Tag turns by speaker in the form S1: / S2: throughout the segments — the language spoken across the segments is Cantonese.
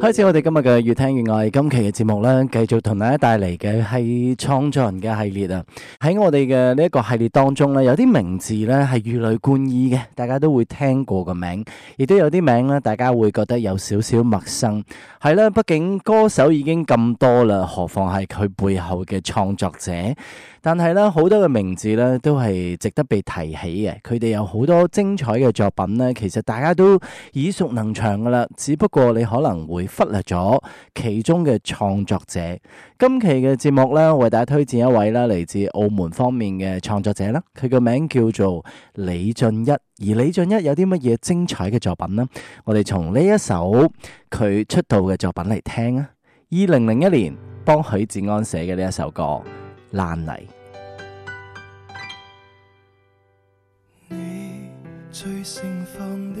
S1: 開始我哋今日嘅越聽越愛今期嘅節目呢，繼續同大家帶嚟嘅係創作人嘅系列啊！喺我哋嘅呢一個系列當中呢，有啲名字呢係如雷貫耳嘅，大家都會聽過個名，亦都有啲名呢，大家會覺得有少少陌生，係啦，畢竟歌手已經咁多啦，何況係佢背後嘅創作者？但係呢，好多嘅名字呢都係值得被提起嘅，佢哋有好多精彩嘅作品呢，其實大家都耳熟能詳噶啦，只不過你可能會。忽略咗其中嘅創作者，今期嘅節目咧，為大家推薦一位啦，嚟自澳門方面嘅創作者啦。佢個名叫做李峻一，而李峻一有啲乜嘢精彩嘅作品呢？我哋從呢一首佢出道嘅作品嚟聽啊，二零零一年幫許志安寫嘅呢一首歌《爛泥》。
S2: 你最盛放的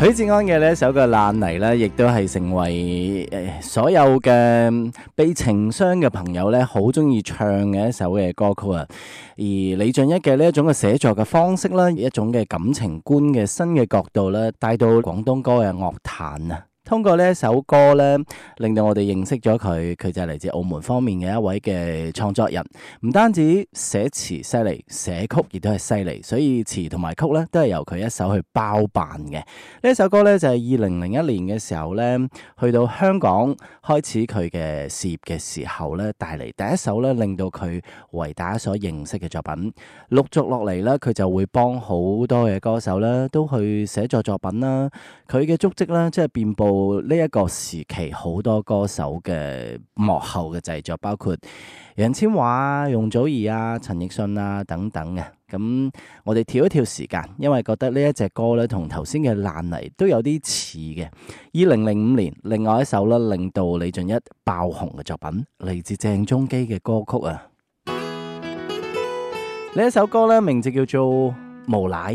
S1: 許志安嘅呢首嘅爛泥呢，亦都係成為誒所有嘅被情傷嘅朋友呢好中意唱嘅一首嘅歌曲啊！而李峻一嘅呢一種嘅寫作嘅方式啦，一種嘅感情觀嘅新嘅角度呢，帶到廣東歌嘅樂壇啊！通過呢首歌呢令到我哋認識咗佢，佢就係嚟自澳門方面嘅一位嘅創作人。唔單止寫詞犀利，寫曲亦都係犀利，所以詞同埋曲呢，都係由佢一手去包辦嘅。呢首歌呢，就係二零零一年嘅時候呢，去到香港開始佢嘅事業嘅時候呢，帶嚟第一首呢令到佢為大家所認識嘅作品。陸續落嚟呢，佢就會幫好多嘅歌手呢都去寫作作品啦。佢嘅足跡呢，即係遍布。呢一個時期好多歌手嘅幕後嘅製作，包括楊千嬅啊、容祖兒啊、陳奕迅啦等等嘅。咁我哋跳一跳時間，因為覺得呢一隻歌咧同頭先嘅爛泥都有啲似嘅。二零零五年，另外一首咧令到李峻一爆紅嘅作品，嚟自鄭中基嘅歌曲啊。呢一首歌咧，名字叫做《無賴》。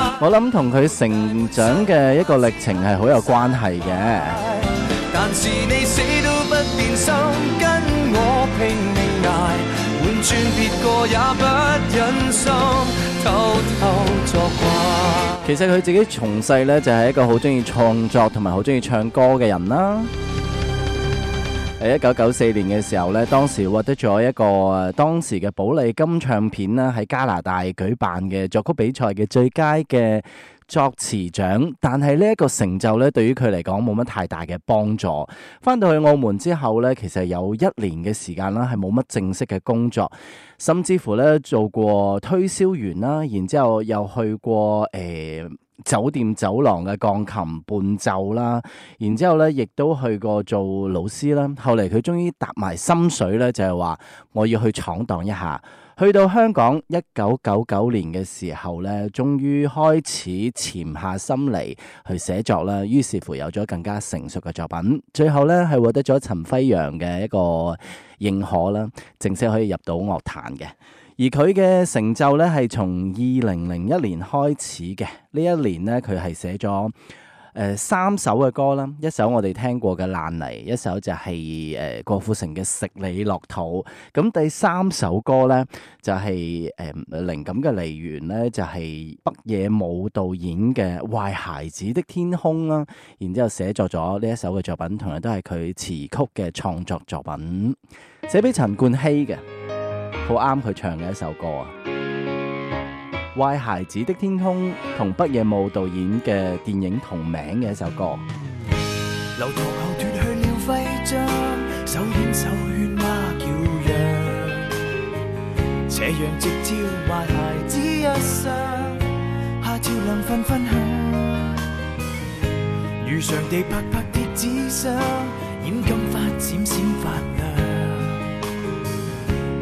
S1: 我諗同佢成長嘅一個歷程係好有關係
S2: 嘅。
S1: 其實佢自己從細呢，就係一個好中意創作同埋好中意唱歌嘅人啦。喺一九九四年嘅時候咧，當時獲得咗一個當時嘅寶麗金唱片啦，喺加拿大舉辦嘅作曲比賽嘅最佳嘅作詞獎。但係呢一個成就咧，對於佢嚟講冇乜太大嘅幫助。翻到去澳門之後咧，其實有一年嘅時間啦，係冇乜正式嘅工作，甚至乎咧做過推銷員啦，然之後又去過誒。哎酒店走廊嘅鋼琴伴奏啦，然之後咧，亦都去過做老師啦。後嚟佢終於踏埋心水咧，就係話我要去闖蕩一下。去到香港一九九九年嘅時候咧，終於開始潛下心嚟去寫作啦。於是乎有咗更加成熟嘅作品，最後咧係獲得咗陳輝陽嘅一個認可啦，正式可以入到樂壇嘅。而佢嘅成就咧，係從二零零一年開始嘅。呢一年呢，佢係寫咗誒三首嘅歌啦，一首我哋聽過嘅《爛泥》，一首就係、是、誒、呃、郭富城嘅《食你落肚》。咁第三首歌咧、就是，呃、靈感的就係誒靈感嘅來源咧，就係北野武導演嘅《壞孩子的天空》啦。然之後寫作咗呢一首嘅作品，同樣都係佢詞曲嘅創作作品，寫俾陳冠希嘅。好啱佢唱嘅一首歌啊！《壞孩子的天空》同北野武導演嘅電影同名
S2: 嘅一首歌。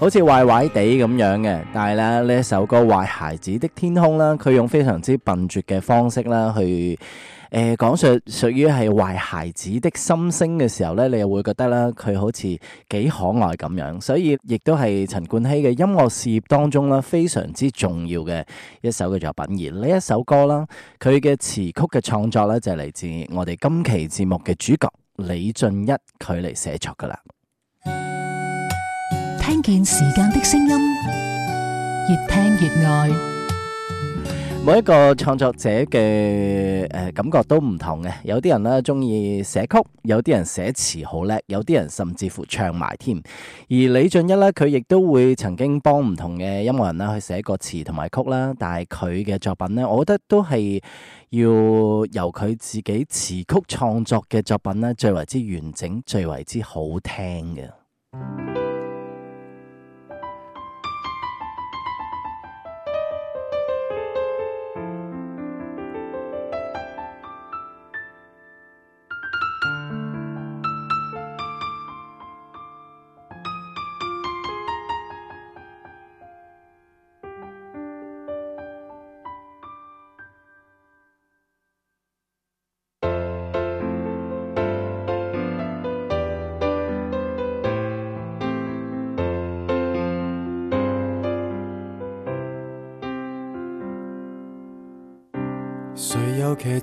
S1: 好似壞壞地咁樣嘅，但係咧，呢一首歌《壞孩子的天空》啦，佢用非常之笨拙嘅方式啦去誒講、呃、述屬於係壞孩子的心聲嘅時候呢，你又會覺得啦佢好似幾可愛咁樣，所以亦都係陳冠希嘅音樂事業當中啦，非常之重要嘅一首嘅作品。而呢一首歌啦，佢嘅詞曲嘅創作呢，就係嚟自我哋今期節目嘅主角李峻一佢嚟寫作噶啦。
S3: 聽見時間的聲音，越聽
S2: 越愛。
S1: 每一個創作者嘅誒感覺都唔同嘅，有啲人呢鍾意寫曲，有啲人寫詞好叻，有啲人甚至乎唱埋添。而李峻一呢，佢亦都會曾經幫唔同嘅音樂人啦去寫過詞同埋曲啦。但係佢嘅作品呢，我覺得都係要由佢自己詞曲創作嘅作品呢，最為之完整，最為之好聽嘅。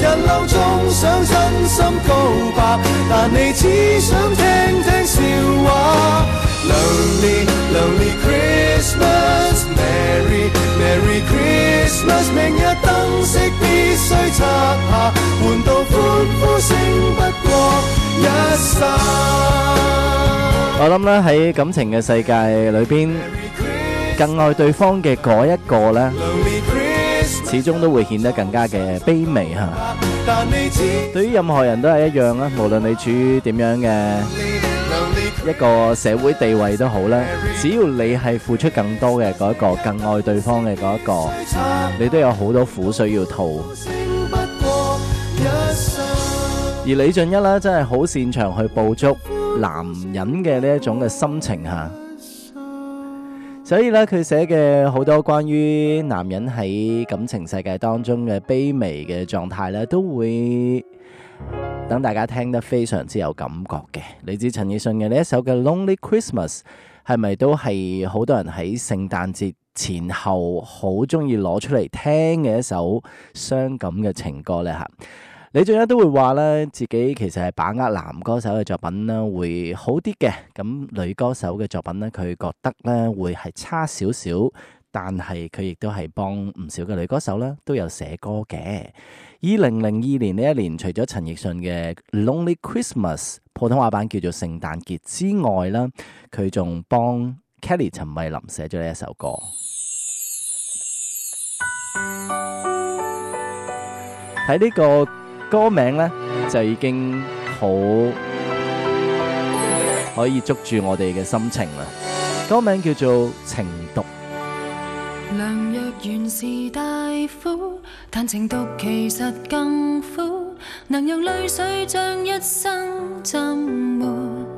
S2: 人流中想真心告白，但你只想聽聽笑話。Lonely Lonely Christmas，Merry Merry Christmas，明日燈飾必須拆下，換到歡呼聲不過一剎。
S1: 我諗咧喺感情嘅世界裏邊，更愛對方嘅嗰一個咧。始終都會顯得更加嘅卑微吓，對於任何人都係一樣啦。無論你處於點樣嘅一個社會地位都好咧，只要你係付出更多嘅嗰一個，更愛對方嘅嗰一個，你都有好多苦水要吐。而李峻一咧，真係好擅長去捕捉男人嘅呢一種嘅心情吓。所以咧，佢寫嘅好多關於男人喺感情世界當中嘅卑微嘅狀態咧，都會等大家聽得非常之有感覺嘅。你知陳奕迅嘅呢一首嘅《Lonely Christmas》，係咪都係好多人喺聖誕節前後好中意攞出嚟聽嘅一首傷感嘅情歌呢？吓？李峻一都會話咧，自己其實係把握男歌手嘅作品咧，會好啲嘅。咁女歌手嘅作品呢，佢覺得呢會係差少少，但係佢亦都係幫唔少嘅女歌手呢都有寫歌嘅。二零零二年呢一年，除咗陳奕迅嘅《Lonely Christmas》普通話版叫做《聖誕節》之外呢，佢仲幫 Kelly 陳慧琳寫咗呢一首歌。喺呢個。歌名呢，就已經好可以捉住我哋嘅心情啦，歌名叫做《情毒》。
S3: 良藥原是大苦，但情毒其實更苦，能用淚水將一生浸沒。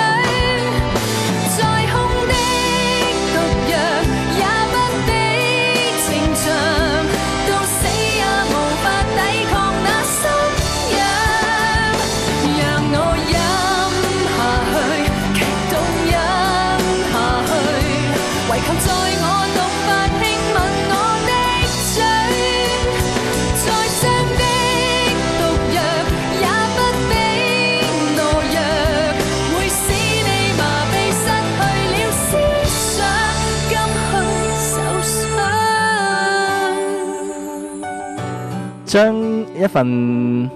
S1: 將一份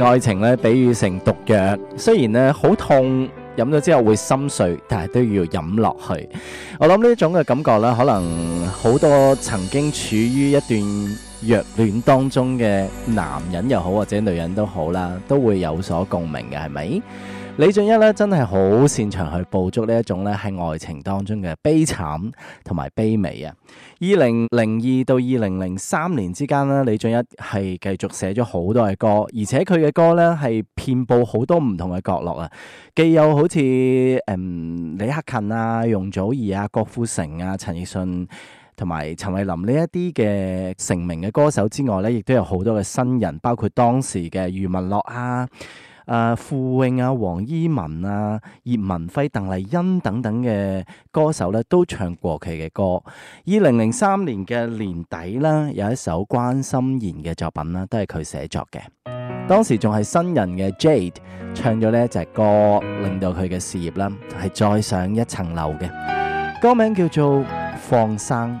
S1: 愛情咧比喻成毒藥，雖然咧好痛，飲咗之後會心碎，但係都要飲落去。我諗呢種嘅感覺咧，可能好多曾經處於一段虐戀當中嘅男人又好，或者女人都好啦，都會有所共鳴嘅，係咪？李峻一咧真係好擅長去捕捉呢一種咧喺愛情當中嘅悲慘同埋卑微啊！二零零二到二零零三年之間呢，李峻一係繼續寫咗好多嘅歌，而且佢嘅歌咧係遍布好多唔同嘅角落啊！既有好似誒、嗯、李克勤啊、容祖兒啊、郭富城啊、陳奕迅同埋陳慧琳呢一啲嘅成名嘅歌手之外咧，亦都有好多嘅新人，包括當時嘅余文樂啊。啊，傅穎啊，黃依文、啊，葉文輝、鄧麗欣等等嘅歌手咧，都唱過佢嘅歌。二零零三年嘅年底咧，有一首關心妍嘅作品啦，都係佢寫作嘅。當時仲係新人嘅 Jade 唱咗呢一隻歌，令到佢嘅事業啦係再上一層樓嘅。歌名叫做《放生》。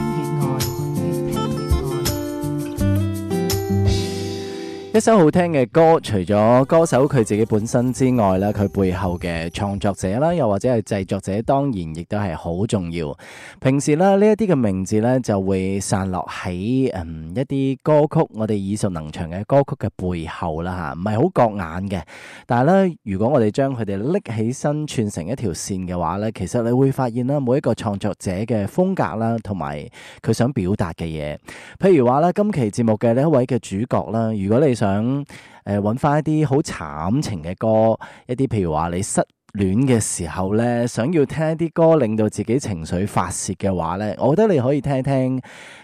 S1: 一首好聽嘅歌，除咗歌手佢自己本身之外咧，佢背後嘅創作者啦，又或者係製作者，當然亦都係好重要。平時呢，呢一啲嘅名字呢，就會散落喺、嗯、一啲歌曲，我哋耳熟能詳嘅歌曲嘅背後啦吓，唔係好覺眼嘅。但係呢，如果我哋將佢哋拎起身串成一條線嘅話呢，其實你會發現啦，每一個創作者嘅風格啦，同埋佢想表達嘅嘢。譬如話呢，今期節目嘅呢一位嘅主角啦，如果你想誒揾翻一啲好慘情嘅歌，一啲譬如話你失戀嘅時候呢，想要聽一啲歌令到自己情緒發泄嘅話呢，我覺得你可以聽聽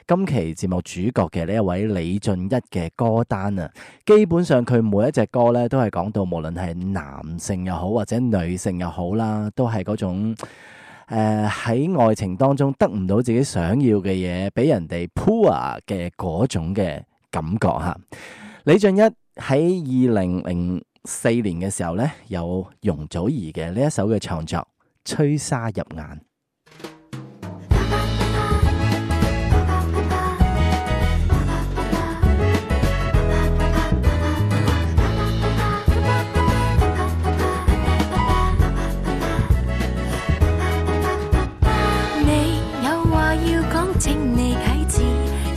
S1: 今期節目主角嘅呢一位李峻一嘅歌單啊。基本上佢每一隻歌呢都係講到無論係男性又好或者女性又好啦，都係嗰種喺、呃、愛情當中得唔到自己想要嘅嘢，俾人哋 poor 嘅嗰種嘅感覺吓。李峻一喺二零零四年嘅時候咧，有容祖兒嘅呢一首嘅創作《吹沙入眼》。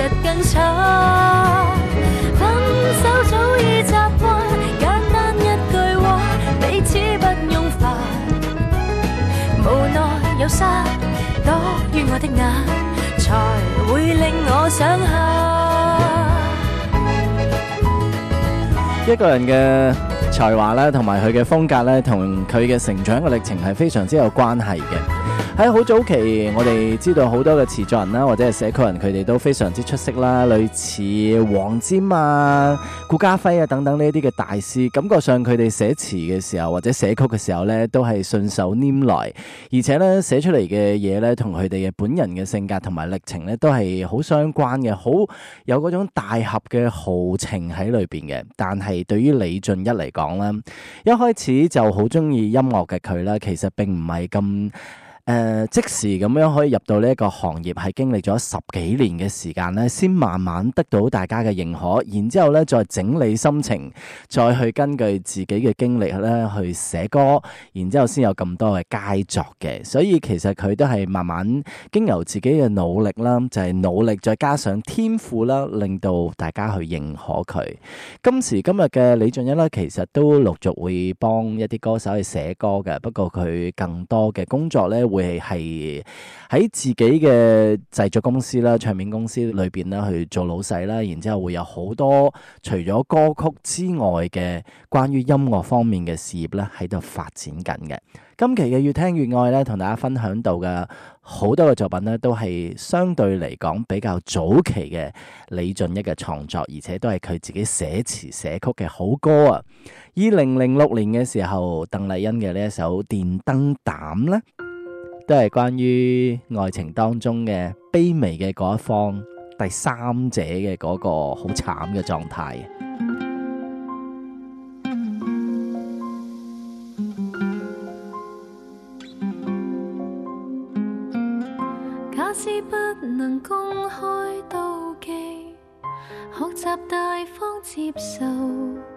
S3: 其實更慘，分手早已習慣，簡單一句話，彼此不用煩。無奈有沙多於我的眼，才會令我想下。
S1: 一個人嘅才華咧，同埋佢嘅風格咧，同佢嘅成長嘅歷程係非常之有關係嘅。喺好早期，我哋知道好多嘅詞作人啦，或者係寫曲人，佢哋都非常之出色啦。類似黃霑啊、顧嘉輝啊等等呢啲嘅大師，感覺上佢哋寫詞嘅時候或者寫曲嘅時候呢，都係順手拈來，而且呢，寫出嚟嘅嘢呢，同佢哋嘅本人嘅性格同埋歷程呢，都係好相關嘅，好有嗰種大俠嘅豪情喺裏面嘅。但係對於李峻一嚟講啦，一開始就好中意音樂嘅佢啦，其實並唔係咁。誒、呃、即時咁樣可以入到呢一個行業，係經歷咗十幾年嘅時間咧，先慢慢得到大家嘅認可，然之後咧再整理心情，再去根據自己嘅經歷咧去寫歌，然之後先有咁多嘅佳作嘅。所以其實佢都係慢慢經由自己嘅努力啦，就係、是、努力再加上天賦啦，令到大家去認可佢。今時今日嘅李峻一呢，其實都陸續會幫一啲歌手去寫歌嘅，不過佢更多嘅工作咧會會係喺自己嘅製作公司啦、唱片公司裏邊啦去做老細啦，然之後會有好多除咗歌曲之外嘅關於音樂方面嘅事業咧，喺度發展緊嘅。今期嘅越聽越愛咧，同大家分享到嘅好多嘅作品呢，都係相對嚟講比較早期嘅李峻一嘅創作，而且都係佢自己寫詞寫曲嘅好歌啊。二零零六年嘅時候，鄧麗欣嘅呢一首《電燈膽》呢。都係關於愛情當中嘅卑微嘅嗰一方，第三者嘅嗰個好慘嘅狀態。
S3: 假使不能公開妒忌，學習大方接受。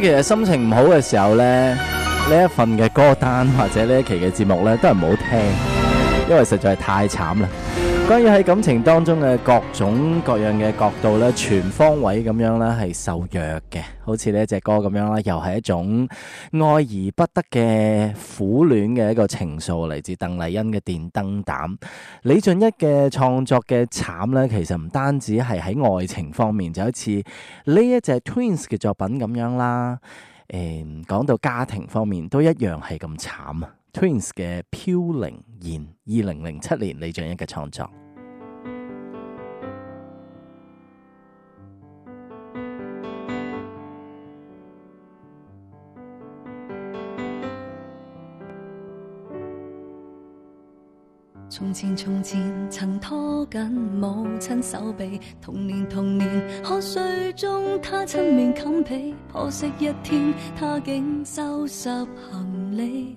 S1: 其實心情唔好嘅時候咧，呢一份嘅歌單或者呢一期嘅節目咧，都係唔好聽，因為實在係太慘啦。關於喺感情當中嘅各種各樣嘅角度咧，全方位咁樣咧係受虐嘅，好似呢一隻歌咁樣啦，又係一種愛而不得嘅苦戀嘅一個情愫，嚟自鄧麗欣嘅《電燈膽》。李峻一嘅創作嘅慘咧，其實唔單止係喺愛情方面，就好似呢一隻 Twins 嘅作品咁樣啦。誒，講到家庭方面，都一樣係咁慘啊！Twins 嘅飄零燕，二零零七年李峻一嘅創作。從
S3: 前，從前，從前曾拖緊母親手臂，童年，童年酣睡中，她親面冚被，可惜一天，她竟收拾行李。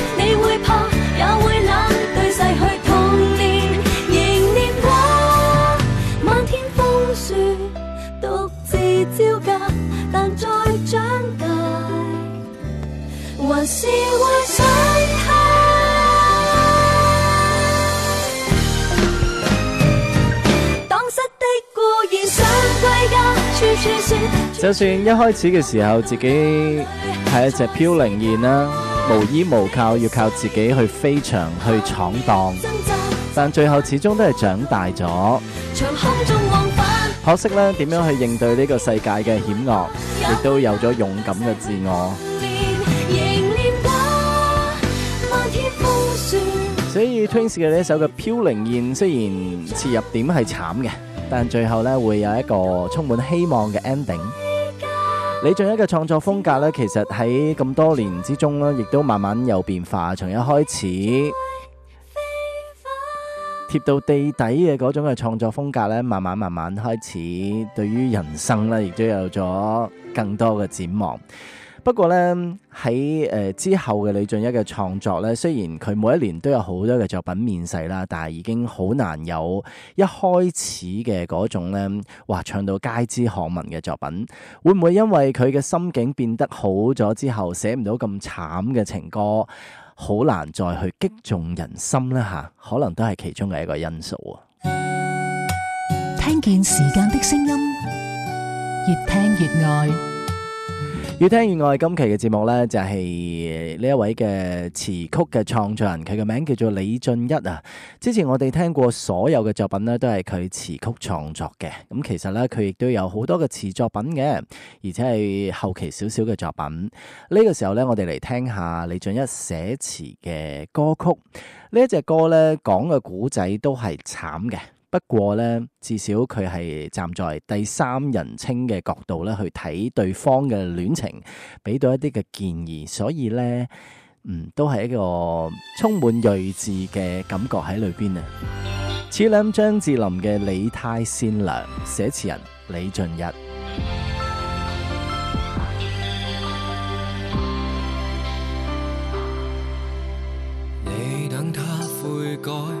S3: 當的
S1: 就算一開始嘅時候自己係一隻飄零燕啦，無依無靠，要靠自己去飛翔、去闖蕩，但最後始終都係長大咗。
S3: 學
S1: 識咧，點樣去應對呢個世界嘅險惡，亦都有咗勇敢嘅自我。Twins 嘅呢首嘅《飄零燕》，雖然切入點係慘嘅，但最後呢會有一個充滿希望嘅 ending。李峻一嘅創作風格呢，其實喺咁多年之中呢，亦都慢慢有變化。從一開始貼到地底嘅嗰種嘅創作風格呢，慢慢慢慢開始，對於人生呢，亦都有咗更多嘅展望。不過呢，喺誒之後嘅李峻一嘅創作呢，雖然佢每一年都有好多嘅作品面世啦，但係已經好難有一開始嘅嗰種呢，哇唱到街知巷聞嘅作品，會唔會因為佢嘅心境變得好咗之後，寫唔到咁慘嘅情歌，好難再去擊中人心呢？吓？可能都係其中嘅一個因素啊！聽見時間的聲音，越聽越愛。越聽越愛，今期嘅節目呢，就係呢一位嘅詞曲嘅創作人，佢嘅名叫做李峻一啊。之前我哋聽過所有嘅作品呢，都係佢詞曲創作嘅。咁其實呢，佢亦都有好多嘅詞作品嘅，而且係後期少少嘅作品。呢個時候呢，我哋嚟聽下李峻一寫詞嘅歌曲。呢一隻歌呢，講嘅古仔都係慘嘅。不過呢，至少佢係站在第三人稱嘅角度咧，去睇對方嘅戀情，俾到一啲嘅建議，所以呢，嗯，都係一個充滿睿智嘅感覺喺裏邊啊！此諗張智霖嘅《你太善良》，寫詞人李峻一，你等他
S2: 悔改。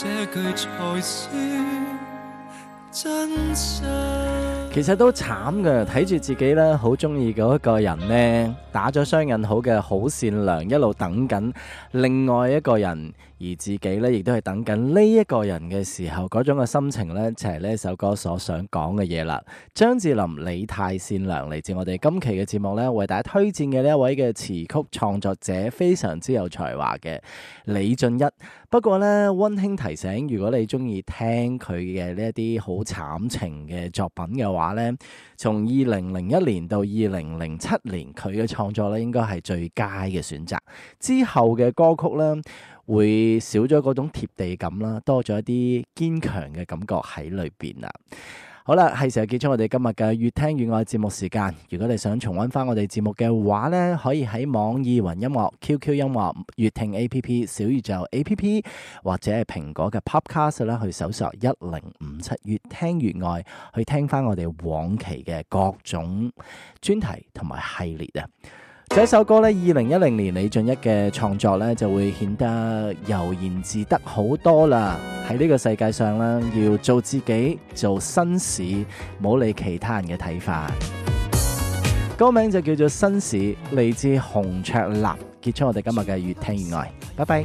S2: 這
S1: 句才真相，其實都慘嘅，睇住自己咧，好中意嗰一個人呢，打咗雙引號嘅好善良，一路等緊另外一個人。而自己咧，亦都係等緊呢一個人嘅時候，嗰種嘅心情呢，就係呢首歌所想講嘅嘢啦。張智霖、你太善良嚟自我哋今期嘅節目呢，為大家推薦嘅呢一位嘅詞曲創作者，非常之有才華嘅李峻一。不過呢，溫馨提醒，如果你中意聽佢嘅呢一啲好慘情嘅作品嘅話呢，從二零零一年到二零零七年，佢嘅創作呢應該係最佳嘅選擇。之後嘅歌曲呢，會少咗嗰種貼地感啦，多咗一啲堅強嘅感覺喺裏邊啦。好啦，係時候結束我哋今日嘅越聽越愛節目時間。如果你想重温翻我哋節目嘅話咧，可以喺網易雲音樂、QQ 音樂、越聽 A P P、小宇宙 A P P 或者係蘋果嘅 Podcast 啦，去搜索一零五七越聽越愛，去聽翻我哋往期嘅各種專題同埋系列啊。這首歌呢，二零一零年李峻一嘅創作呢，就會顯得悠然自得好多啦。喺呢個世界上啦，要做自己，做紳士，唔好理其他人嘅睇法。歌名就叫做《紳士》，嚟自洪卓立。結束我哋今日嘅越聽
S2: 越愛，拜拜。